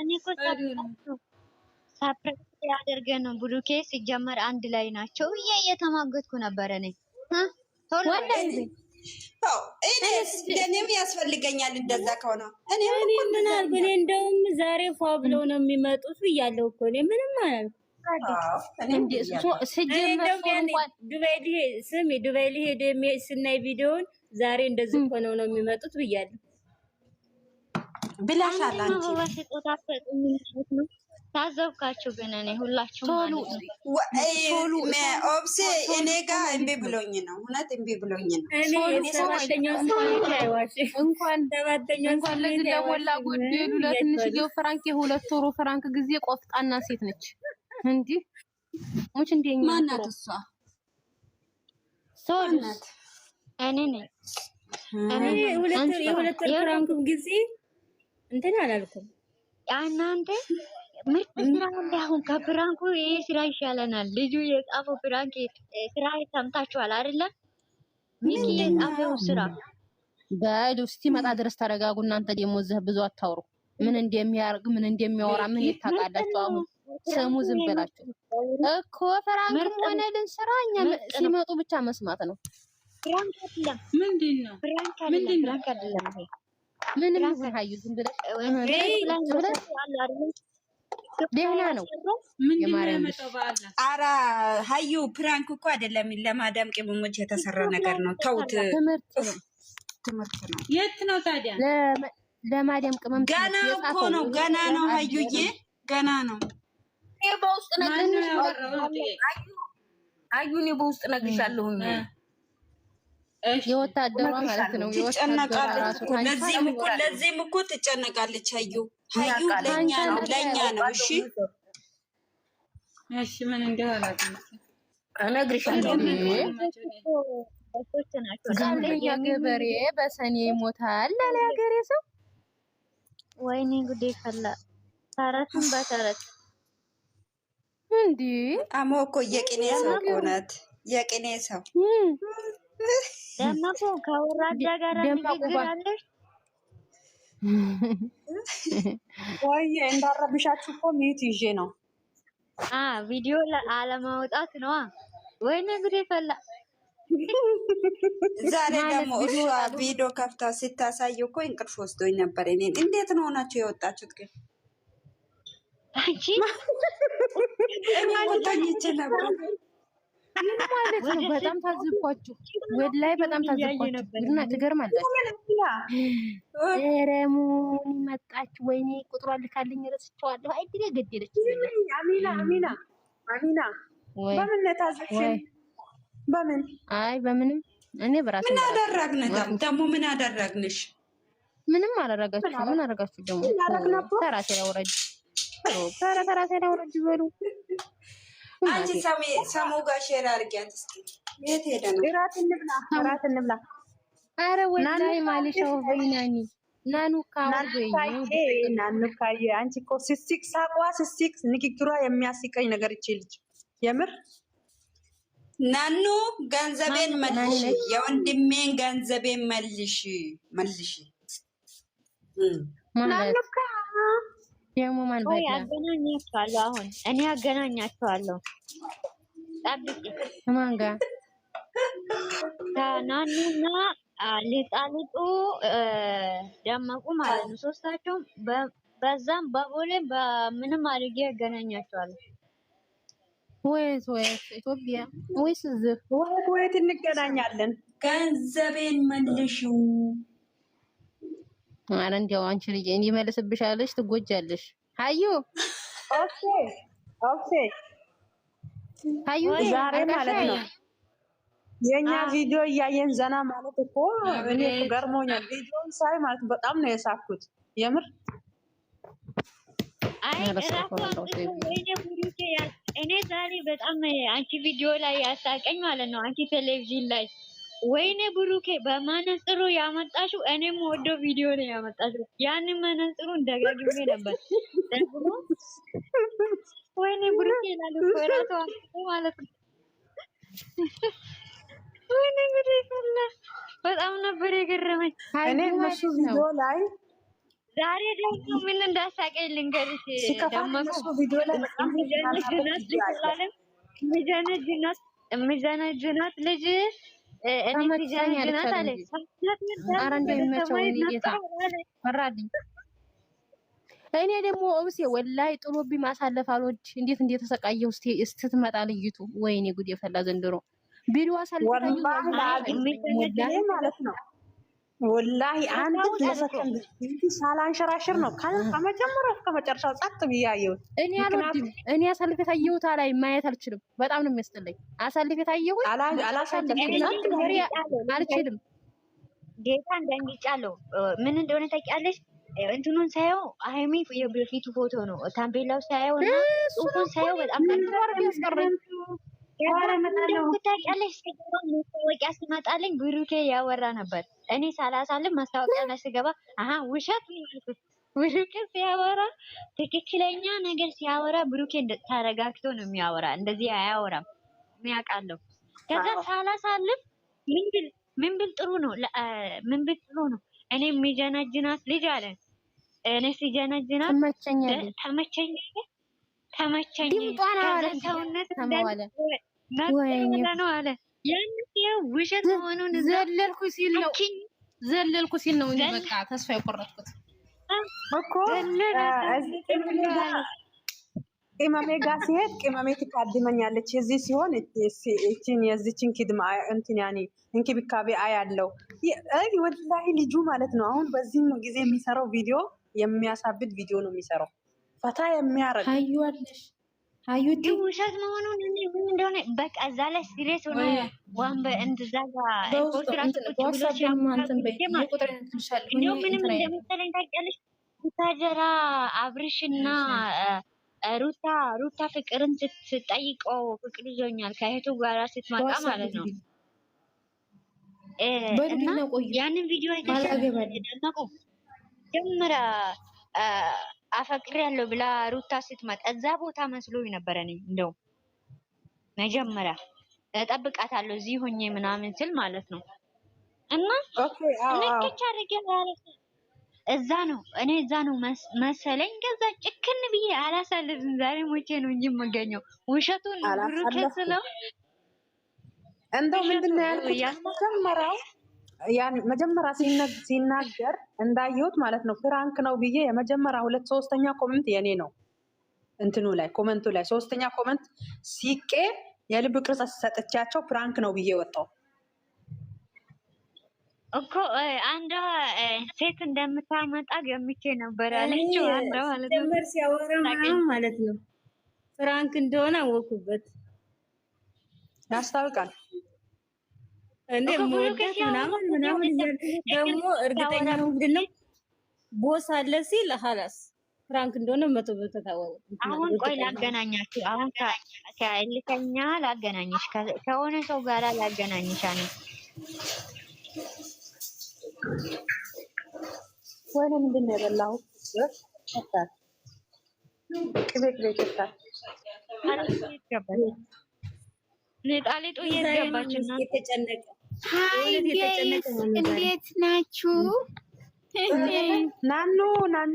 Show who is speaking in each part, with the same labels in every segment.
Speaker 1: እኔ እኮ ሳፕሬስ ነው ብሩኬ። ሲጀመር አንድ ላይ ናቸው ብዬ እየተማገጥኩ ነበረ። እኔ እኔም ያስፈልገኛል እንደዛ ከሆነ ምን አልኩ። እኔ እንደውም ዛሬ ፏ ብለው ነው የሚመጡት ብያለሁ እኮ እኔ ምንም አላልኩም። ስሚ ዱባይ ሊሄድ ስናይ ቪዲዮውን ዛሬ እንደዚህ ሆነው ነው የሚመጡት ብያለሁ። ብላሻል አንቺ ታዘብካችሁ ግን እኔ ሁላችሁ ኦብሴ እኔ ጋ እምቢ ብሎኝ ነው፣ እውነት እምቢ ብሎኝ ነው። እንኳን ለዚህ ለሞላ ጎደሉ ለትንሽዬው ፍራንክ የሁለት ወሩ ፍራንክ ጊዜ ቆፍጣና ሴት ነች። እንዲህ ሙች እንደኛ ማናት እሷ ሰውነት እኔ ነኝ የሁለት ወር ፍራንክ ጊዜ እንትን አላልኩም። እናንተ ምርጥ ስራ እንደ አሁን ከፕራንኩ ይሄ ስራ ይሻለናል። ልጁ የጻፈው ፕራንክ ስራ ሰምታችኋል አይደለም? ሚኪ የጻፈው ስራ በዱ መጣ ድረስ ተረጋጉ። እናንተ ደግሞ እዚህ ብዙ አታውሩ። ምን እንደሚያርግ ምን እንደሚያወራ ምን ይታወቃላችሁ። አሁን ስሙ ዝም ብላችሁ እኮ ፍራንክም ሆነ ልን ስራ እኛ ሲመጡ ብቻ መስማት ነው። ፍራንክ አይደለም ምንድን ነው? ፍራንክ አይደለም። ምንም ይሁን ሀዩ ዝም ብለሽ ደህና ነው። ኧረ ሀዩ ፕራንክ እኮ አይደለም፣ ለማዳም ቅመሞች የተሰራ ነገር ነው። ተውት፣ ትምህርት ነው። የት ነው ታዲያ? ለማዳም ቅመም ገና እኮ ነው፣ ገና ነው ሀዩዬ፣ ገና ነው። በውስጥ ነግሬሻለሁ፣ ሀዩ እኔ በውስጥ ነግሬሻለሁኝ። የወታደሯ ማለት ነው። ትጨነቃለች ለዚህም እኮ ለዚህም እኮ ትጨነቃለች። ሀዩ ሀዩ ለእኛ ነው ለእኛ ነው። እሺ እሺ፣ ምን እንደው እነግርሻለሁ ጋለኛ ገበሬ በሰኔ ይሞታል አለ ሀገሬ ሰው። ወይኔ ጉዴ ፈላ። ተረቱን በተረት እንዲህ አሞ እኮ የቅኔ ሰው እውነት የቅኔ ሰው ደመቁ ከወራጃ ጋር ንግግራለሽ ወይ? እንዳረብሻችሁ እኮ ሚዩት ይዤ ነው። ቪዲዮ አለማውጣት ነዋ። ወይኔ ጉዴ ፈላ። ዛሬ ደግሞ እሷ ቪዲዮ ከፍታ ስታሳይ እኮ እንቅልፍ ወስዶኝ ነበር። እኔ እንዴት ነው ሆናችሁ የወጣችሁት ግን? እኔ ተኝቼ ነበር ምን ማለት ነው? በጣም ታዝብኳችሁ፣ ወላሂ በጣም ታዝብኳችሁ። እና ትገርማላችሁ። ኧረ መጣች። ወይኔ ቁጥሯን ልካልኝ ረስቼዋለሁ። አይድሬ ገደለች። አሚና አሚና አሚና፣ በምን ነታዝብሽን? በምን አይ በምንም። እኔ በራሴ ምን አደረግን? ደግሞ ምን አደረግንሽ? ምንም አላረጋችሁ። ምን አረጋችሁ ደግሞ? ተራሴ ላይ ተራ ተራሴ ላይ በሉ አንቺ ሰሙ ጋር ሼር አድርጊያት እስኪ። የት ሄደ ነው? እራት እንብላ፣ እራት እንብላ። አረ ወላሂ ማሊሻው በይናኒ ናኑካዬ አንቺ እኮ ስስቅ ሳቋ ስስቅ ንግግሯ የሚያስቀኝ ነገር ይቺ ልጅ የምር ናኑ ገንዘቤን መልሽ፣ የወንድሜን ገንዘቤን መልሽ መልሽ ናኑካ ደግሞ ማን ባይ አገናኛቸዋለሁ። አሁን እኔ አገናኛቸዋለሁ። ጠብቂ። ማን ጋር ከናኑና ሊጣልጡ ደመቁ ማለት ነው። ሶስታቸውም በዛም በቦሌም በምንም አድርጌ አገናኛቸዋለሁ። ወይስ ወይስ ኢትዮጵያ ወይስ እዚህ ወይስ ወይት እንገናኛለን። ገንዘቤን መልሽው ኧረ እንዲያው አንቺ ልጅ እኔ መልስብሻለሽ፣ ትጎጃለሽ። ሀዩ ኦኬ ኦኬ፣ ሀዩ ዛሬ ማለት ነው የኛ ቪዲዮ እያየን ዘና ማለት እኮ እኔ ገርሞኛል። ቪዲዮን ሳይ ማለት በጣም ነው የሳኩት የምር አይ እኔ ዛሬ በጣም አንቺ ቪዲዮ ላይ ያሳቀኝ ማለት ነው አንቺ ቴሌቪዥን ላይ ወይኔ ብሩኬ በመነጽሩ ያመጣሽው እኔም ወደው ቪዲዮ ነው ያመጣሽው። ያንን መነጽሩን ደጋግሜ ነበር። ወይኔ ብሩኬ ይላል ኮራቷ ማለት ነው። ወይኔ ብሩኬ በጣም ነበር የገረመኝ። እኔ እነሱ ቪዲዮ ላይ ዛሬ ደግሞ ምን እንዳሳቀኝ ልንገርሽ። ደመቁ ቪዲዮ ላይ ሚዘነጅናት ልጅ ልጅ እኔ ደግሞ እውሴ ወላሂ ጥሎብኝ ማሳለፍ አልወድ። እንዴት እንደተሰቃየሁ ስትመጣ ልይቱ። ወይኔ ጉድ የፈላ ዘንድሮ ቪዲዮ አሳልፈኝ ማለት ነው። ወላሂ አንድ ለሰከንድ ሳላንሸራሽር ነው ከመጀመሪያ እስከ መጨረሻው ጸጥ ብዬ እኔ አልወድም። እኔ አሳልፌ ታየሁት ላይ ማየት አልችልም። በጣም ነው የሚያስጠላኝ። አሳልፌ ታየሁት አልችልም። ጌታ እንደንግጫለው ምን እንደሆነ ታውቂያለሽ? እንትኑን ሳየው ሀይሚ የበፊቱ ፎቶ ነው። ታምቤላው ሳየው እና ሳየው በጣም ያስቀረኝ ታውቂያለሽ፣ ማስታወቂያ ሲመጣልኝ ብሩኬ ያወራ ነበር። እኔ ሳላሳልም ማስታወቂያ ላይ ስገባ አሀ ውሸት ብሩኬ ሲያወራ ትክክለኛ ነገር ሲያወራ ብሩኬ ተረጋግቶ ነው የሚያወራ። እንደዚህ አያወራም፣ የሚያውቃለሁ። ከዛ ሳላሳልም ምን ምንብል ጥሩ ነው ምንብል ጥሩ ነው እኔ የሚጀናጅናት ልጅ አለ። እኔ ሲጀናጅናት ተመቸኝ ተመቸኝ ተመቸኝ ሰውነት ነው አለ። ያን ውሸት መሆኑን ዘለልኩ ሲል ነው ዘለልኩ ሲል ነው እንጂ በቃ ተስፋ የቆረጥኩት እኮ ቅመሜ ጋር ሲሄድ ቅመሜ ትካድመኛለች። እዚህ ሲሆን እችን የዚችን ኪድማ እንትን ያኔ እንክብካቤ አያለው። ወላሂ ልጁ ማለት ነው አሁን በዚህ ጊዜ የሚሰራው ቪዲዮ የሚያሳብድ ቪዲዮ ነው የሚሰራው ፈታ የሚያረግ አዩቲ ውሸት መሆኑን ምን እንደሆነ በቃ እዛ ላይ ሲሪየስ ሆነ። ዋንበ እንደዛ ጋር ምንም እንደመሰለኝ ታውቂያለሽ። ቡታጀራ አብርሽና ሩታ ሩታ ፍቅርን ስትጠይቀው ፍቅር ይዞኛል ከእህቱ ጋራ ስትመጣ ማለት ነው። ያንን ቪዲዮ አይተሽ ጀመረ አፈቅሬያለሁ ብላ ሩታ ስትመጣ እዛ ቦታ መስሎኝ ነበረ። እኔ እንደው መጀመሪያ እጠብቃታለሁ እዚህ ሆኜ ምናምን ስል ማለት ነው። እና ልክቻ አድርጌ እዛ ነው እኔ እዛ ነው መሰለኝ። ከዛ ጭክን ብዬ አላሳልፍም ዛሬ ሞቼ ነው እንጂ የምገኘው። ውሸቱን ብሩኬ ስለው እንደው ምንድን ነው ያልኩት መጀመሪያው ያን መጀመሪያ ሲናገር እንዳየሁት ማለት ነው ፍራንክ ነው ብዬ የመጀመሪያ ሁለት ሶስተኛ ኮመንት የኔ ነው እንትኑ ላይ ኮመንቱ ላይ ሶስተኛ ኮመንት ሲቄ የልብ ቅርጽ ሰጥቻቸው ፍራንክ ነው ብዬ ወጣው እኮ አንዷ ሴት እንደምታመጣ ገምቼ ነበር ያለችው። አንዷ ማለት ሲያወራ ማለት ነው ፍራንክ እንደሆነ አወኩበት፣ ያስታውቃል እንዴ ሞወዳት ምናምን ምናምን ደግሞ እርግጠኛ ነው። ምንድን ነው ቦስ አለ ሲል ሀላስ ፍራንክ እንደሆነ መቶ በመቶ አሁን ቆይ ላገናኛችሁ። አሁን ከእልከኛ ላገናኝሽ፣ ከሆነ ሰው ጋራ ላገናኝሽ። አነ ወይኔ ምንድን ነው የበላሁት? ቅቤ ቅቤ ይጠጣል ጣሊጡ እየገባችን ነው። እንዴት ናችሁ? ናኑ ናኑ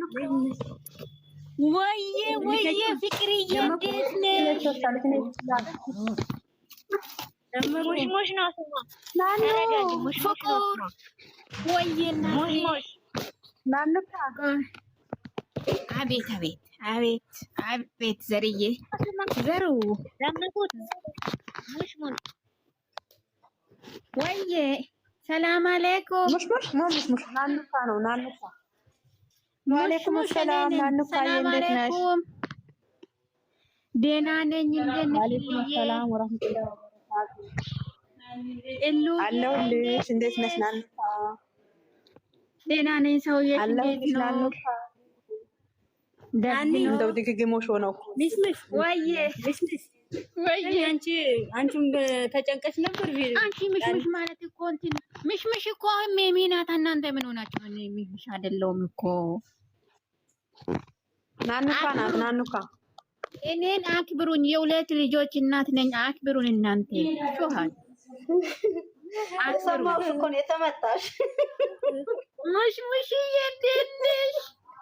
Speaker 1: ወየ ወየ ፍቅርዬ እንዴት ነሽ? ሙሽሙሽ ነው ስሟ ናኑ ፍቅር ወየ ናኑ ናኑ አቤት አቤት አቤት አቤት ዘርዬ ዘሩ ዳምነኩት ሰላም አለይኩም ሙሽሙሽ ሙሽሙሽ ናኑካ ደህና ነኝ እንዴት ነሽ ደህና ነኝ ሰውዬ እንዴት ነው እንደው ድግግሞሽ ሆነው ልስምሽ ወይዬ ልስምሽ ወይዬ አንቺ አንቺም ተጨንቀሽ ነበር። አንቺ ምሽምሽ ማለት እኮ እንትን ምሽምሽ እኮ ሜሚ ናት። እናንተ ምን ሆናችሁ? እኔ ምሽምሽ አይደለሁም እኮ ናኑካ ናት። ናኑካ እኔን አክብሩኝ። የሁለት ልጆች እናት ነኝ። አክብሩን እናንተ ጮሃል አሰማሁሽ እኮ ነው የተመጣሽ። ምሽምሽ እንዴት ነሽ?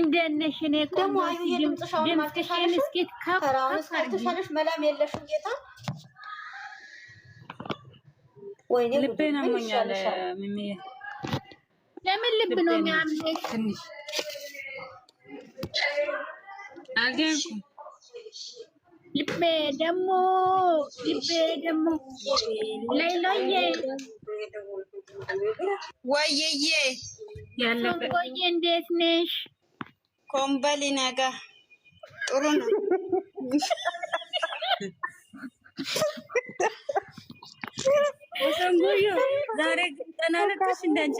Speaker 1: እንደነሽኔ ቆሞ ድምፅሽን እስኪት ካልተሻለሽ መላም የለሽም ጌታ ልቤን አሞኛል። ለምን ልብ ነው የሚያምሽ? ትንሽ ልቤ ደግሞ ልቤ ደግሞ ሌሎዬ ወይዬ፣ እንዴት ነሽ? ኮምበል ነገ ጥሩ ነው። ሰንጎዮ ዛሬ ግጠና ለቀሽ እንዳንቺ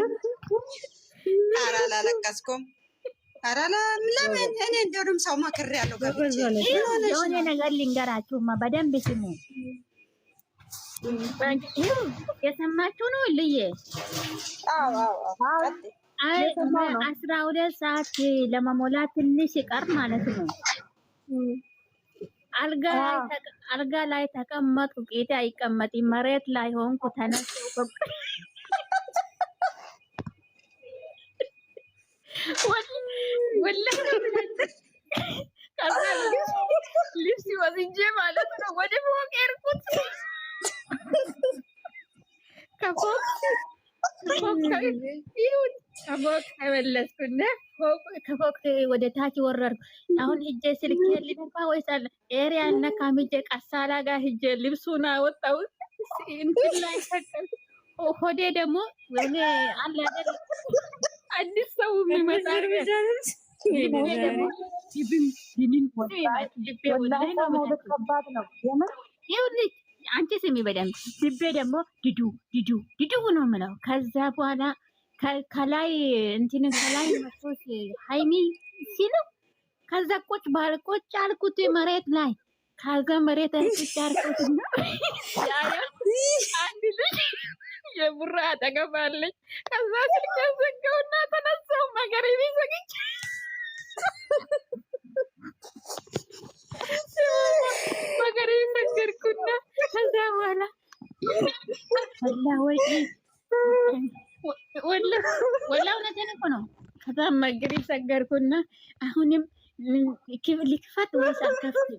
Speaker 1: ኧረ አላለቀስኩም። ኧረ ለምን እኔ እንደውም ሰው መክሬ ያለው የሆነ ነገር ልንገራችሁማ በደንብ ስሙ። የሰማችሁ ነው ልዬ አስራ ሁለት ሰዓት ለመሞላት ትንሽ ይቀር ማለት ነው። አልጋ ላይ ተቀመጥኩ፣ ቄጤ አይቀመጥ መሬት ላይ ሆንኩ፣ ተነሳሁ። ልብስ ወስጄ ማለት ነው ወደ ፎቅ ሄድኩት። ከፎቅ ከፎቅ ተመለስኩና ከፎቅ ወደ ታች ወረድኩ። አሁን ሂጄ ስልክ ልነካ ወይስ አለ ኤሪያ ነካም ሂጄ ቀሳላ ጋር ሂጄ ልብሱን አወጣው እንትን ላይ ሰቀል ሆዴ ደግሞ ወኔ አለ አይደል አዲስ ሰው የሚመጣ አንቺ ስሚ በደንብ ልቤ ደግሞ ድዱ ድዱ ድዱ ነው የምለው ከዛ በኋላ ከላይ እንትን ከላይ መቶች ሀይሚ ሲለው ከዛ ቁጭ ባለ ቁጭ አልኩት መሬት ላይ ከዛ መሬት አንስቼ አልኩት አንድ ልጅ የቡራ አጠገባለች። ከዛ ስልክ ዘጋውና ተነሳው መገር ቢዘግች መገር ቢዘገርኩና ከዛ በኋላ ወይ ወላ እውነቴን እኮ ነው። ከዛ መግሪብ ሰገርኩና አሁንም ልክፈት ወይስ አልከፍትም?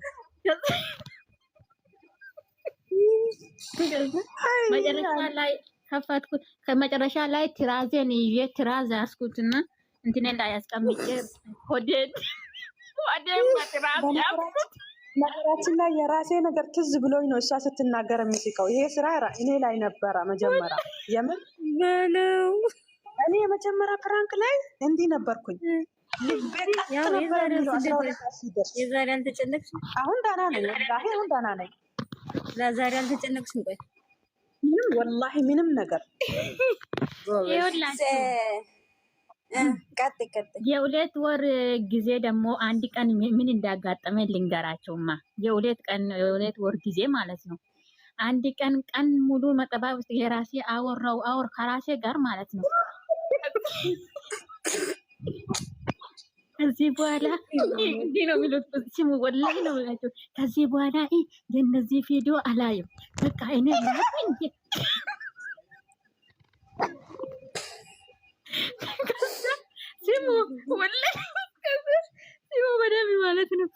Speaker 1: መጨረሻ ላይ ከፈትኩት። ከመጨረሻ ላይ ትራዜን ይዤ ትራዝ ያስኩትና እንትኔ ላይ ያስቀምጬ ሆዴን ነገራችን ላይ የራሴ ነገር ትዝ ብሎኝ ነው እሷ ስትናገር የምትቀው ይሄ ስራ እኔ ላይ ነበረ መጀመሪያ የምን የሚባለው? እኔ የመጀመሪያ ፕራንክ ላይ እንዲህ ነበርኩኝ። የዛሬ አልተጨነቅሽ? አሁን ዳና ነኝ፣ አሁን ዳና ነኝ። ለዛሬ አልተጨነቅሽ? ቆይ ምንም ወላሂ ምንም ነገር የሁለት ወር ጊዜ ደግሞ አንድ ቀን ምን እንዳጋጠመ ልንገራቸውማ። የሁለት ቀን የሁለት ወር ጊዜ ማለት ነው አንድ ቀን ቀን ሙሉ መጠባ ውስጥ የራሴ አወራው አወር ከራሴ ጋር ማለት ነው። ከዚህ በኋላ እንዲህ ነው የሚሉት ስሙ፣ ወላሂ ነው የሚላቸው። ከዚህ በኋላ የነዚህ ቪዲዮ አላየም። በቃ እኔ ስሙ ወላሂ ሲሙ በደምብ ማለት ነው።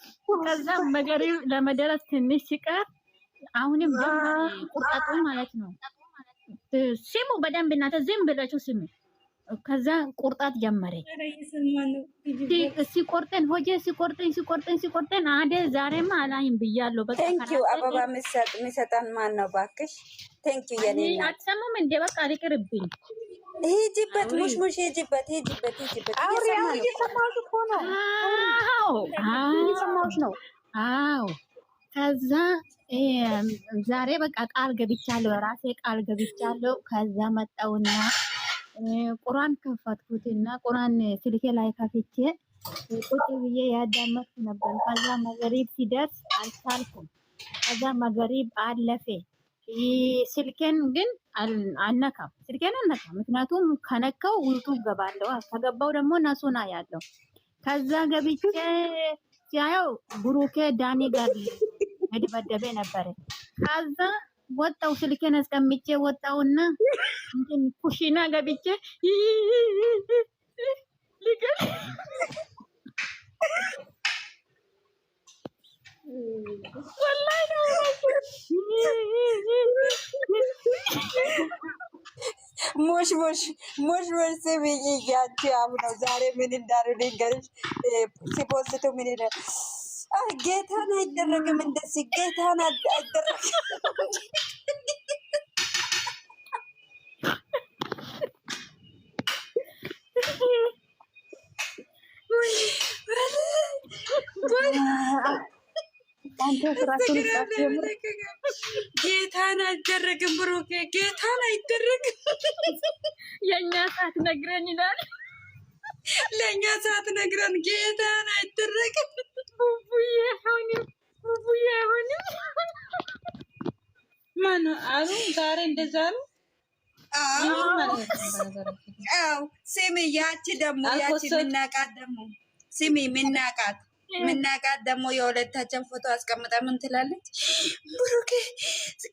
Speaker 1: ከዛ መገሪ ለመደረስ ትንሽ ሲቀር አሁንም ቁጣጡ ማለት ነው። ስሙ በደንብ እናተ ዝም ብላችሁ ስሙ። ከዛ ቁርጣት ጀመረ። ሲቆርጠን ሆጄ ሲቆርጠን ሲቆርጠን ሲቆርጠን አደ ዛሬማ አላይም ብያለሁ። በቃ አበባ የሚሰጠን ማን ነው ባክሽ? ቴንኪዩ የኔ አትሰሙም እንዴ? በቃ ይቅርብኝ። ሂጂበት፣ ሙሽሙሽ ሂጂበት፣ ሂጂበት፣ ሂጂበት። እየሰማሁሽ እኮ ነው። አዎ፣ አዎ፣ እየሰማሁሽ ነው። አዎ እየሰማሁሽ ነው አዎ ከዛ ዛሬ በቃ ቃል ገብቻለሁ፣ ራሴ ቃል ገብቻለሁ። ከዛ መጣውና ቁራን ከፈትኩትና ቁራን ስልኬ ላይ ከፍቼ ቁጭ ብዬ ያዳመጥኩ ነበር። ከዛ መገሪብ ሲደርስ አልቻልኩም። ከዛ መገሪብ አለፌ። ስልኬን ግን አልነካም፣ ስልኬን አልነካም። ምክንያቱም ከነካው ውጡ ገባለሁ፣ ከገባው ደግሞ ነሱና ያለው ከዛ ገብቼ ሲያየው ብሩኬ ዳኒ ጋር መደበደበ ነበረ። ከዛ ወጣው ስልኬን አስቀምጬ ወጣውና እንትን ኩሽና ገብቼ ልገል ወላይ ነው ሙሽሙሽ ሙሽሙሽ ስሚኝ እያንቺ አሁን ነው ዛሬ ምን እንዳሉ ልንገርሽ። ሲፖስቱ ምን ሄደ ጌታን አይደረግም እንደዚህ ጌታን አይደረግም። አንተ ስራችን ጣፍ ጌታን አይደረግም፣ ብሩኬ ጌታን አይደረግም። የእኛ ሰዓት ነግረን ይላል ለእኛ ሰዓት ነግረን ጌታን አይደረግም። ቡቡዬ አይሆንም፣ ቡቡዬ አይሆንም። ማን አሉ ዛሬ እንደዛ አሉ። ስሚ፣ ያቺ ደግሞ ያቺ ምናቃት ደግሞ ስሚ ምናቃት ምናቃት ደግሞ የሁለታችን ፎቶ አስቀምጣ ምን ትላለች? ብሩኬ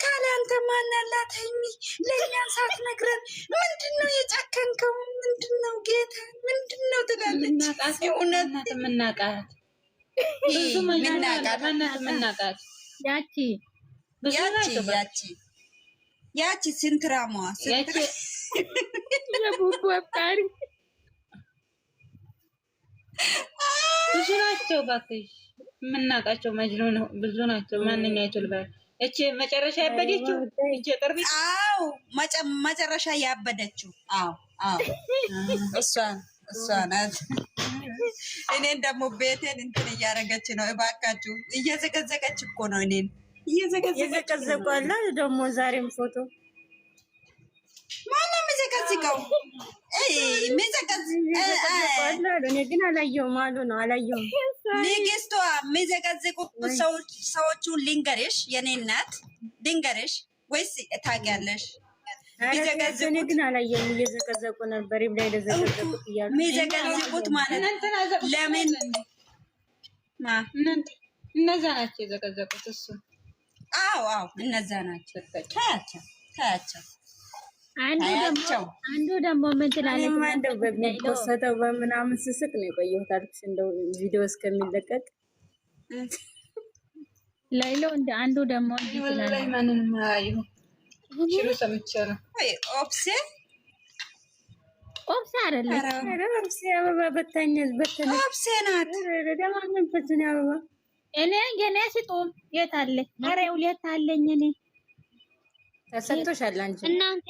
Speaker 1: ካለ አንተ ማናላት ሀይሚ ለእኛን ሳትነግረን ምንድን ነው የጨከንከው? ምንድን ነው ጌታ ምንድን ነው ትላለች። እውነት ምናቃት ምናቃት ያቺ ያቺ ያቺ ስንትራሟ ስንትራ ብዙ ናቸው እባክሽ፣ የምናውቃቸው መጅኑ ነው ብዙ ናቸው። ማንኛቸው ልበል? እቺ መጨረሻ ያበደችው እቺ ቅርቢ፣ አዎ መጨረሻ ያበደችው፣ አዎ አዎ፣ እሷ እሷ ናት። እኔን ደግሞ ቤቴን እንትን እያደረገች ነው። እባካችሁ እየዘቀዘቀች እኮ ነው እኔን እየዘቀዘቀች። ደግሞ ዛሬም ፎቶ ማነው የሚዘቀዝቀው? እኔ ግን አላየሁም አሉ ነው አላየሁም። ንግስቷ የሚዘቀዝቁ ሰዎቹን ልንገርሽ፣ የኔ እናት ልንገርሽ ወይስ ታውቂያለሽ? እኔ ግን አላየሁም። እየዘቀዘቁ ነበር የሚዘቀዝቁት ማለት ነው። ለምን እነዛ ናቸው የዘቀዘቁት? እሱ አዎ፣ አዎ እነዛ ናቸው። ታያቸው ታያቸው አንዱ ደግሞ ምን ትላለች? በሚኮሰተው በምናምን ስስቅ ነው የቆየሁት አልኩሽ። እንደው ቪዲዮ እስከሚለቀቅ ላይሎ እንደ አንዱ ደግሞ ኦብሴ አበባ በታኝ ኦብሴ ናት። ደማምን በትን አበባ እኔ የኔ ስጡም የት አለኝ? ኧረ ሁለት አለኝ እኔ ተሰጥቶሻል አንቺ እናንተ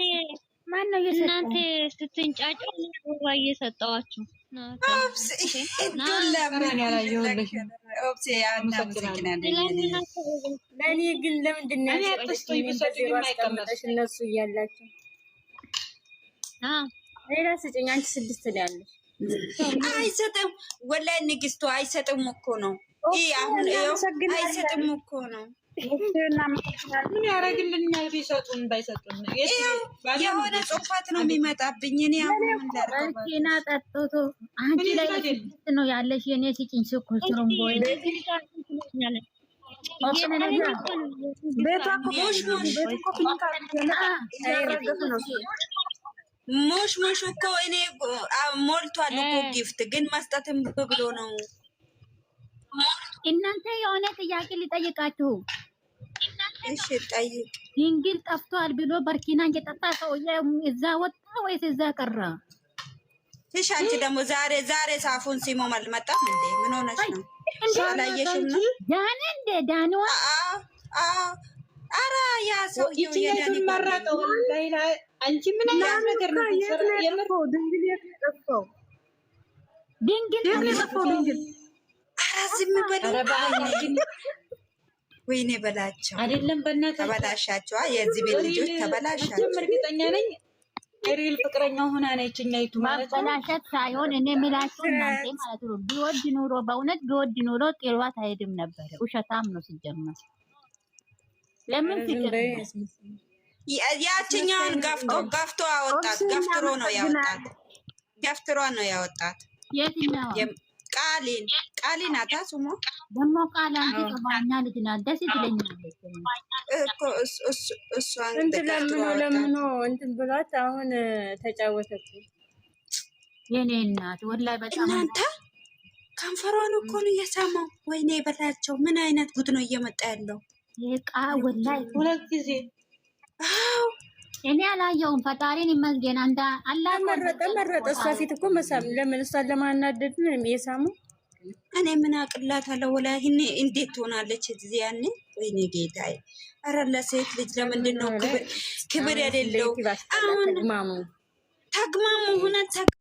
Speaker 1: ማነው እየሰጠው እናንተ ስትንጫጩ እየሰጠዋችሁ ለእኔ ግን ለምንድን ነው እነሱ እያላቸው ሌላ ስጭኝ። አንቺ ስድስት ነው ያለሽ። አይሰጥም፣ ወላሂ አይሰጥም እኮ ነው። አይሰጥም እኮ ነው። ምን ያደርግልኛል? ቢሰጡን ባይሰጡን የሆነ ጽሑፋት ነው የሚመጣብኝ። እኔ ጤና ጠጥቶ አንቺ ላይ ነው ያለሽ። የኔ ስጭኝ ስኩር ትርንጎ ሞሽ እኮ እኔ ሞልቷል እኮ ጊፍት ግን መስጠትም ብሎ ነው። እናንተ የሆነ ጥያቄ ሊጠይቃችሁ ድንግል ጠፍቷል ብሎ በርኪና እየጠጣ ሰውዬ እዛ ወጣ ወይስ እዛ ቀራ? እሺ አንቺ ደግሞ ዛሬ ዛሬ ሳፉን ሲሞ አልመጣም እንዴ? ምን ሆነሽ ነው? አላየሽም ነው ያ የዳኒ መረጠው። አንቺ ምን አይነት ነገር ነው? የምር ድንግል የት ድንግል ድንግል ዝም በል ወይኔ በላቸው አይደለም፣ በእና ተበላሻቸዋ። የዚህ ቤት ልጆች ተበላሻቸው። እርግጠኛ ነኝ የሪል ፍቅረኛ ሆና ነች። እኛይቱ ማለት ማበላሸት ሳይሆን እኔ ምላችሁ እናንተ ማለት ነው። ቢወድ ኑሮ በእውነት ቢወድ ኑሮ ጥሏት አይሄድም ነበረ። ውሸታም ነው ሲጀመር። ለምን ፍቅር ያችኛውን ገፍቶ ገፍቶ አወጣት። ገፍትሮ ነው ያወጣት። ገፍትሯ ነው ያወጣት። የትኛዋ ቃሊን ቃሊ ናታ ስሟ ደግሞ ቃል አንቺ ጠባኛ ልጅ ናት፣ ደስ ትለኛለች እኮ እሷን እንትን ለምኖ ለምኖ እንትን ብሏት አሁን ተጫወተች። የኔ እናት ወላሂ በጣም እናንተ ከንፈሯን እኮ ነው እየሳመው። ወይኔ በላቸው፣ ምን አይነት ጉድ ነው እየመጣ ያለው ይህ ቃ ሁለት ጊዜ አዎ እኔ አላየውም። ፈጣሪን ይመስገን። አንድ አላህ መረጠ መረጠ። እሷ ፊት እኮ መሳም ለምን እሷ ለማናደድ ነው የሳሙ እኔ ምን አቅላታለሁ? ወላሂ እንዴት ትሆናለች? እዚህ ያኔ ወይኔ ጌታዬ፣ ኧረ ለሴት ልጅ ለምንድን ነው ክብር ክብር የሌለው? አሁን ተግማሙ ሁነት